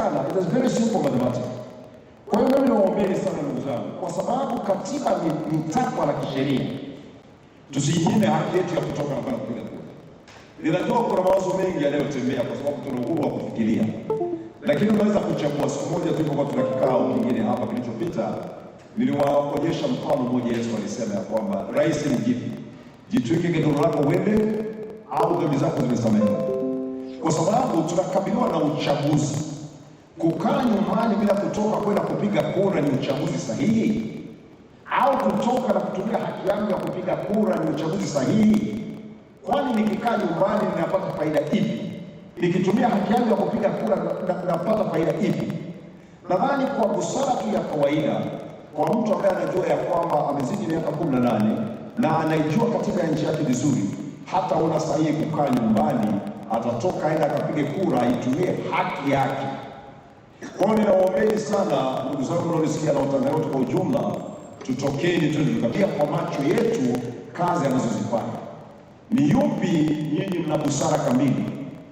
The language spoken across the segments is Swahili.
sana, it is very simple mathematics. Kwa hiyo mimi niwaombeni sana ndugu zangu, kwa sababu katiba ni, ni takwa la kisheria. Tusiinyime haki yetu ya kutoka na kupiga kura. Ninajua kuna mawazo mengi yanayotembea, kwa sababu tuna uhuru wa kufikiria, lakini unaweza kuchagua. Siku moja tulipokuwa tuna kikao kingine hapa kilichopita, niliwaonyesha mfano mmoja. Yesu alisema ya kwamba rahisi ni jipi, jitwike godoro lako uende, au dhambi zako zimesamehewa, kwa sababu tunakabiliwa na uchaguzi Kukaa nyumbani bila kutoka kwenda kupiga kura ni uchaguzi sahihi? Au kutoka na kutumia haki yangu ya kupiga kura ni uchaguzi sahihi? Kwani nikikaa nyumbani ninapata faida ipi? Nikitumia haki yangu ya kupiga kura napata faida ipi? Nadhani kwa busara tu ya kawaida, kwa mtu ambaye anajua ya kwamba amezidi miaka kumi na nane na anaijua katika nchi yake vizuri, hata una sahihi kukaa nyumbani, atatoka aenda akapige kura, aitumie haki yake. Kwa hiyo ninawaombeni sana ndugu zangu mnaonisikia na Watanzania wote kwa ujumla, tutokeni twende tukapiga kwa macho yetu kazi anazozifanya. Ni yupi nyinyi mna busara kamili,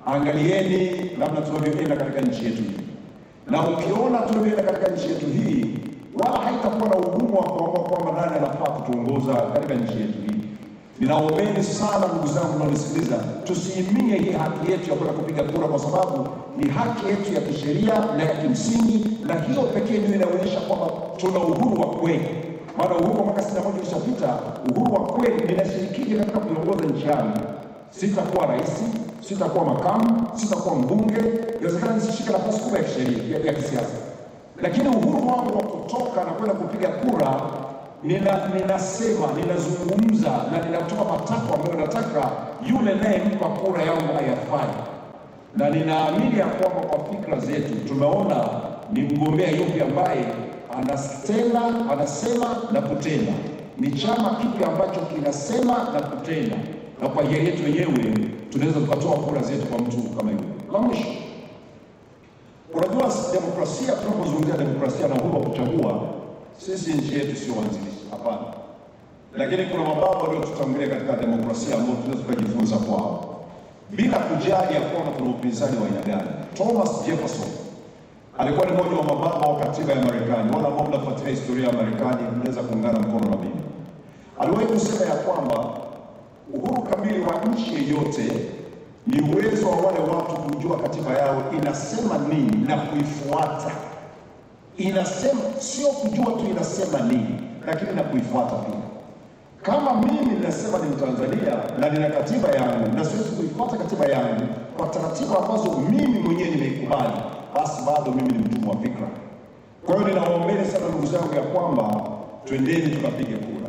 angalieni namna tunavyoenda katika nchi yetu hii, na ukiona tunavyoenda katika nchi yetu hii, wala haitakuwa na ugumu wa kuamua kwamba nani anafaa kutuongoza katika nchi yetu hii. Ninaombeni sana ndugu zangu mnanisikiliza, tusiiminye hii haki yetu ya kwenda kupiga kura, kwa sababu ni haki yetu ya kisheria na ya kimsingi, na hiyo pekee ndio inaonyesha kwamba tuna uhuru wa kweli. Maana uhuru wa mwaka sitini na moja ulishapita. Uhuru wa kweli, ninashirikije katika kuiongoza nchi yangu? Sitakuwa rais, sitakuwa makamu, sitakuwa mbunge, inawezekana nisishike nafasi kubwa ya kisheria ya kisiasa, lakini uhuru wangu wa kutoka na kwenda kupiga kura nina, ninasema ninazungumza na ninatoa matakwa ambayo nataka yule nayempa kura yangu ayafanye, na ninaamini ya kwamba kwa fikra zetu tumeona ni mgombea yupi ambaye anasema, anasema na kutenda, ni chama kipi ambacho kinasema na kutenda, na kwa hiari yetu wenyewe tunaweza tukatoa kura zetu kwa mtu kama yule. La mwisho, unajua demokrasia, tunapozungumzia demokrasia na uhuru wa kuchagua sisi nchi yetu sio wanzilishi hapana, lakini kuna mababu waliotutangulia katika demokrasia ambao tunaweza tukajifunza kwao bila kujali ya kuona kuna upinzani wa aina gani. Thomas Jefferson alikuwa ni mmoja wa mababa wa katiba ya Marekani. wala ambao mnafuatilia historia ya Marekani mnaweza kuungana mkono na mimi. Aliwahi kusema ya kwamba uhuru kamili wa nchi yeyote ni uwezo wa wale watu kujua katiba yao inasema nini na kuifuata inasema sio kujua tu inasema nini, lakini na kuifuata pia. Kama mimi ninasema ni Mtanzania na nina katiba yangu na siwezi kuifuata katiba yangu kwa taratibu ambazo mimi mwenyewe nimeikubali, basi bado mimi ni mtumwa wa fikra. Kwa hiyo ninawaombeni sana ndugu zangu ya kwamba twendeni tukapige kura.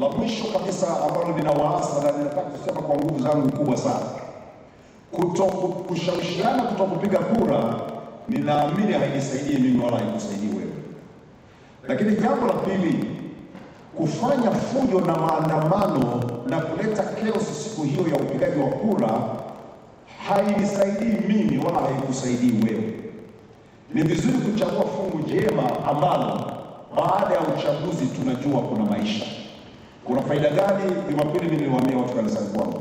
La mwisho kabisa ambalo ninawaasa na ninataka kusema kwa nguvu zangu kubwa sana, kuto kushawishiana kutokupiga kura ninaamini haijisaidii mimi wala haikusaidii wewe. Lakini jambo la pili, kufanya fujo na maandamano na kuleta chaos siku hiyo ya upigaji wa kura hainisaidii mimi wala haikusaidii wewe. Ni vizuri kuchagua fungu jema ambalo baada ya uchaguzi tunajua kuna maisha, kuna faida gani. Jumapili mimi niliwaambia watu kanisani kwangu,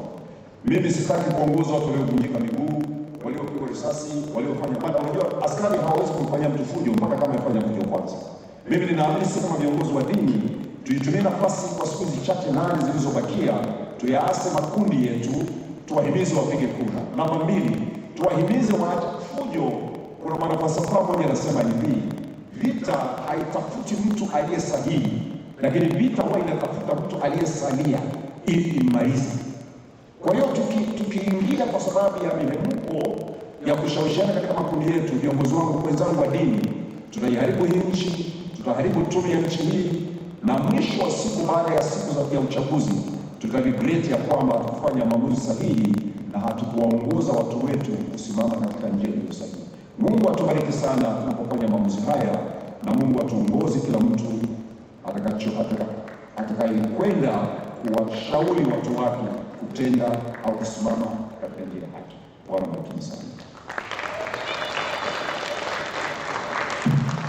mimi sitaki kuongoza watu waliovunjika miguu waliopigwa risasi, waliofanya bado. Unajua askari hawawezi kumfanyia mtu fujo mpaka kama amefanya fujo kwanza. Mimi ninaamini sisi kama viongozi wa dini tuitumie nafasi kwa siku hizi chache nane zilizobakia, tuyaase makundi yetu, tuwahimize wapige kura. Namba mbili, tuwahimize waache fujo. Kuna mwanafalsafa mmoja anasema hivi, vita haitafuti mtu aliye sahihi, lakini vita huwa inatafuta mtu aliyesalia ili imalize. Kwa hiyo tuki tukiingia kwa sababu ya mihemko ya kushawishiana katika makundi yetu, viongozi wangu wenzangu wa dini, tunaiharibu hii nchi, tutaharibu tume ya nchi hii, na mwisho wa siku, baada ya siku za uchaguzi, tutaregreti ya kwamba hatukufanya maamuzi sahihi na hatukuwaongoza watu wetu kusimama katika njia iliyo sahihi. Mungu atubariki sana tunapofanya maamuzi haya, na Mungu atuongoze kila mtu atakayekwenda kuwashauri watu wake kutenda au kusimama katika njia ya haki. Bwana makini sana.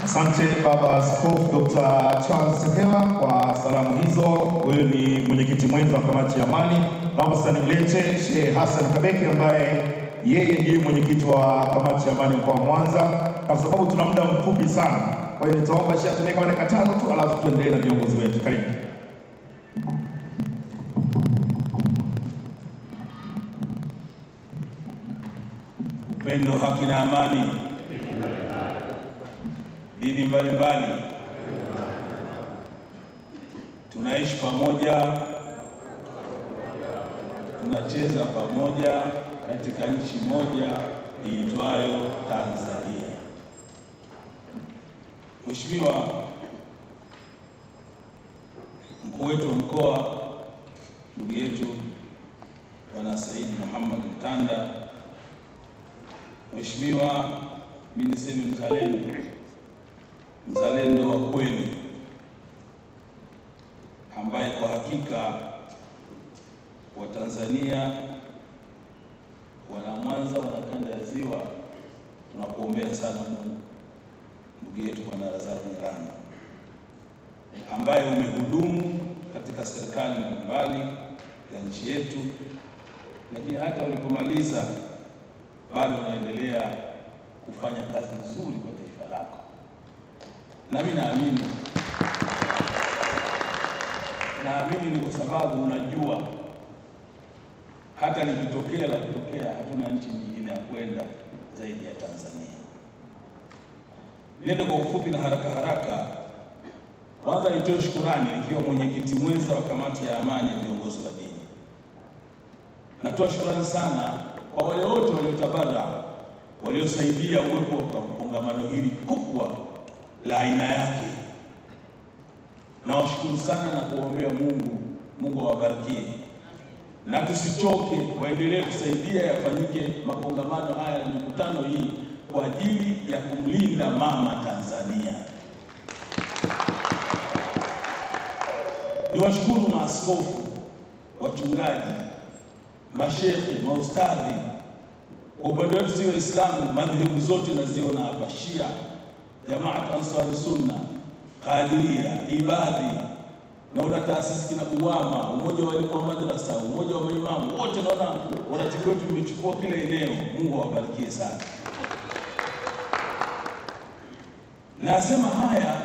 Asante Baba Askofu Dr. Charles Sepewa kwa salamu hizo. Wewe ni mwenyekiti mwenza wa kamati ya amani. Naomba sasa nimlete Shehe Hassan Kabeke ambaye yeye ndiye mwenyekiti wa kamati ya amani mkoa wa Mwanza, kwa sababu tuna muda mfupi sana. Kwa hiyo nitaomba Shehe tumeka kwa dakika tano tu, alafu tuendelee na viongozi wetu. Karibu. upendo, haki na amani, dini mbalimbali, tunaishi pamoja, tunacheza pamoja katika nchi moja iitwayo Tanzania. Mheshimiwa mkuu wetu wa mkoa, ndugu yetu Bwana Saidi Muhammad Mtanda Mheshimiwa, mi niseme mzalendo, mzalendo wa kweli ambaye kwa hakika Watanzania wana Mwanza, wana kanda ya Ziwa tunakuombea sana Mungu, ndugu yetu Bwana Lazaro Ng'arang'a ambaye umehudumu katika serikali mbalimbali ya nchi yetu, lakini hata ulipomaliza bado unaendelea kufanya kazi nzuri kwa taifa lako, nami naamini naamini ni kwa sababu unajua hata nikitokea la kutokea, hatuna nchi nyingine ya kwenda zaidi ya Tanzania. Niende kwa ufupi na haraka haraka. Kwanza nitoe shukurani ikiwa mwenyekiti mwenza wa kamati ya amani ya viongozi wa dini. Natoa shukurani sana kwa wale wote waliotabara, waliosaidia uwepo wa kongamano hili kubwa la aina yake. Nawashukuru sana na kuombea Mungu, Mungu awabarikie na tusichoke, waendelee kusaidia yafanyike makongamano haya na mikutano hii kwa ajili ya kumlinda mama Tanzania. Niwashukuru maaskofu, wachungaji mashekhe, maustadhi wa upande wetu si Waislamu, madhehebu zote naziona hapa, Shia, Jamaat Ansar Sunna, Qadiria, Ibadhi, naona taasisi kina Uwama, umoja wa walimu wa madrasa, umoja wa maimamu, wote naona wanatibu wetu imechukua kila eneo. Mungu awabarikie sana. Nasema haya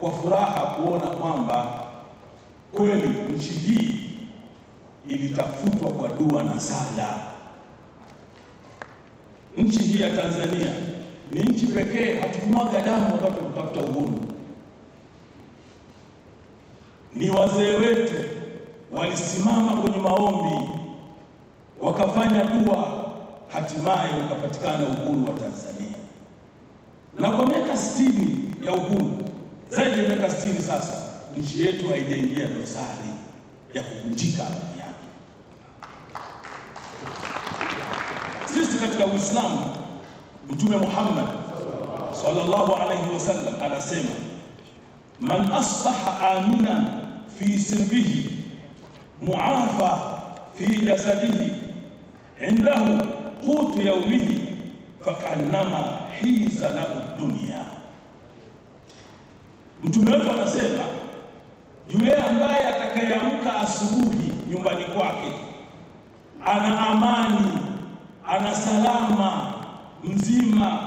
kwa furaha kuona kwamba kweli nchi hii ilitafutwa kwa dua na sala. Nchi hii ya Tanzania ni nchi pekee hatukumwaga damu wakati wa kutafuta uhuru. Ni wazee wetu walisimama kwenye maombi, wakafanya dua, hatimaye ukapatikana uhuru wa Tanzania. Na kwa miaka sitini ya uhuru, zaidi ya miaka sitini sasa, nchi yetu haijaingia dosari ya kuvunjika. sisi katika Uislamu, Mtume Muhammad sallallahu alayhi wasallam anasema man asbaha amina fi sirbihi muafa fi jasadihi indahu qutu yaumihi fakanama hiza lahu dunia. Mtume wetu anasema yule ambaye atakayeamka asubuhi nyumbani kwake ana amani ana salama mzima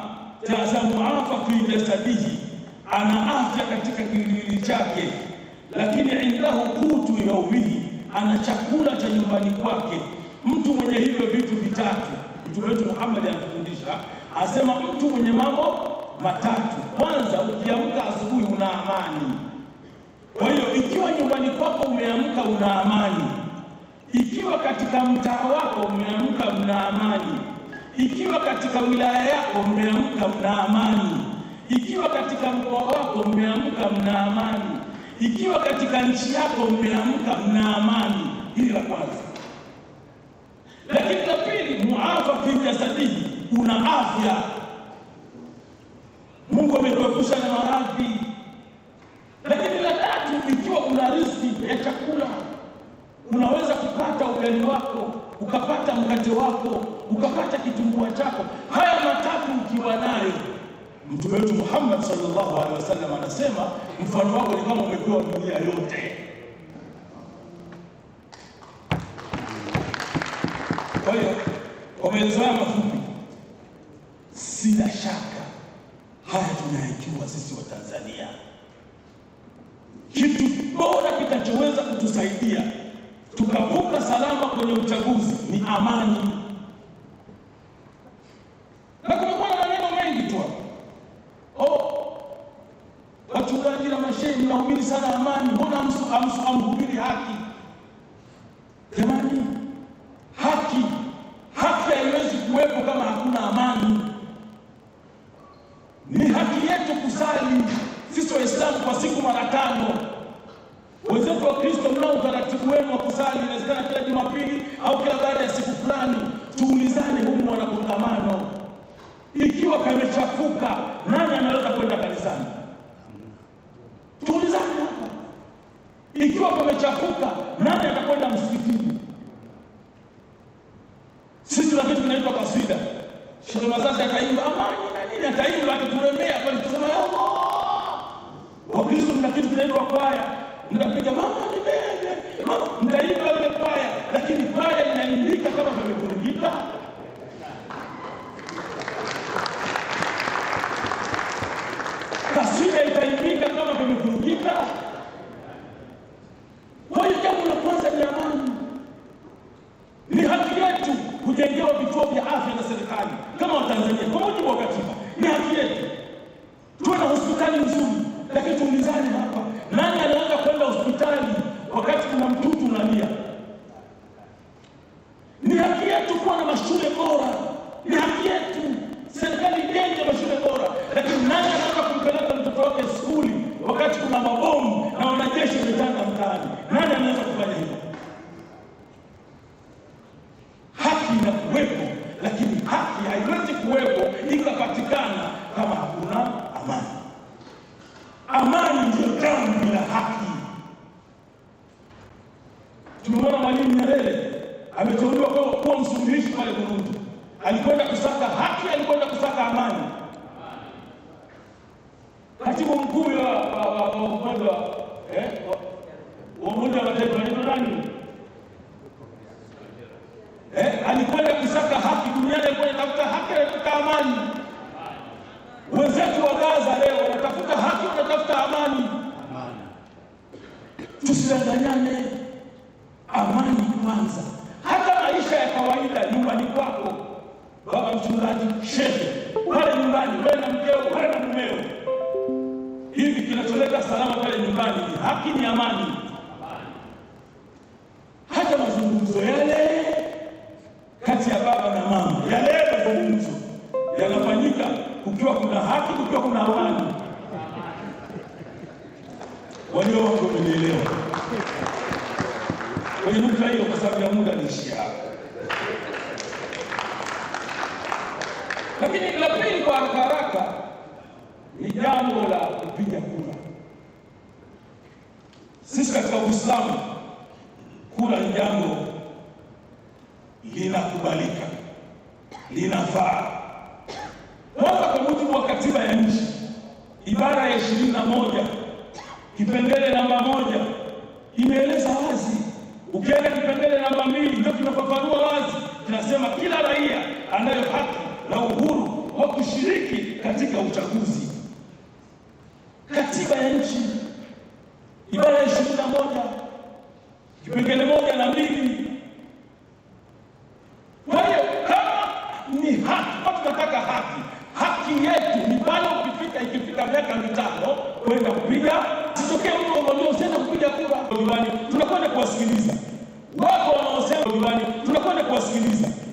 tazamuafa fi jasadihi, ana afya katika kiwiliwili chake, lakini indahu kutu yaumihi, ana chakula cha nyumbani kwake. Mtu mwenye hivyo vitu vitatu, mtume wetu Muhammad anafundisha asema, mtu mwenye mambo matatu, kwanza, ukiamka asubuhi una amani. Kwa hiyo ikiwa nyumbani kwako umeamka una amani ikiwa katika mtaa wako mmeamka mna amani, ikiwa katika wilaya yako mmeamka mna amani, ikiwa katika mkoa wako mmeamka mna amani, ikiwa katika nchi yako mmeamka mna amani. Hili la kwanza. Lakini la pili, muafa fi jasadihi, una afya. Mungu ametuepusha na maradhi ugali wako ukapata mkate wako ukapata kitumbua chako. Haya matatu ukiwa nayo, mtume wetu Muhammad sallallahu alaihi wasallam anasema mfano wako ni kama umepewa dunia yote. Kwa hiyo kwa maelezo haya mafupi ninahubiri sana amani, mbona amhubiri haki? Ikiwa pamechafuka, nani atakwenda msikitini? Sisi tuna kitu kinaitwa kaswida. Sheikh Mazazi akaimba amani na nini, akaimba akitulemea, kwani kusema ya Allah. Wakristo mna kitu kinaitwa kwaya, mtapiga mama ni bebe, mama ile kwaya, lakini kwaya inaimbika kama vimevurugika. Kaswida itaimbika kama vimevurugika. yetu kuwa na mashule bora, ni haki yetu. Serikali ijenge mashule bora, lakini nani anataka kumpeleka mtoto wake skuli wakati kuna mabomu na wanajeshi wametanda mtaani? Nani anaweza kufanya hivyo? Haki kuwepo lakini haki haiwezi kuwepo ikapatikana kama hakuna amani. Amani ndio jambo la haki. Tumemwona Mwalimu Nyerere ameteuliwa kuwa msuluhishi pale Burundi. Alikwenda kusaka haki, alikwenda kusaka amani. Katibu mkuu wa eh, Umoja wa Mataifa ni nani? Eh, alikwenda kusaka haki duniani, alikwenda kutafuta haki, anatafuta amani. Wenzetu wa Gaza leo wanatafuta haki, wanatafuta amani. Tusidanganyane, amani kwanza kawaida nyumbani kwako, baba mchungaji, shehe pale nyumbani, wewe na mkeo, wewe na mumeo, hivi kinacholeta salama pale nyumbani ni haki, ni amani. Hata mazungumzo yale kati ya baba na mama, yale mazungumzo yanafanyika kukiwa kuna haki, kukiwa kuna amani. Walio wangu wamenielewa kwenye nukta hiyo, kwa sababu ya muda nishia hapa. Lakini la pili kwa haraka haraka ni jambo la kupiga kura. Sisi katika Uislamu kura ni jambo linakubalika, linafaa. Kwanza, kwa mujibu wa katiba ya nchi ibara ya ishirini na moja kipengele namba moja imeeleza wazi. Ukienda kipengele namba mbili ndio kinafafanua wazi, kinasema kila raia anayo haki na uhuru wa kushiriki katika uchaguzi. Katiba ya nchi ibara ya ishirini na moja kipengele moja na mbili. Kwa hiyo kama ni haki, tunataka haki, haki yetu ni pale ukifika, ikifika miaka mitano kwenda kupiga, sitokee mtu amwambia usiende kupiga kura nyumbani, tunakwenda kuwasikiliza wako wanaosema nyumbani, tunakwenda kuwasikiliza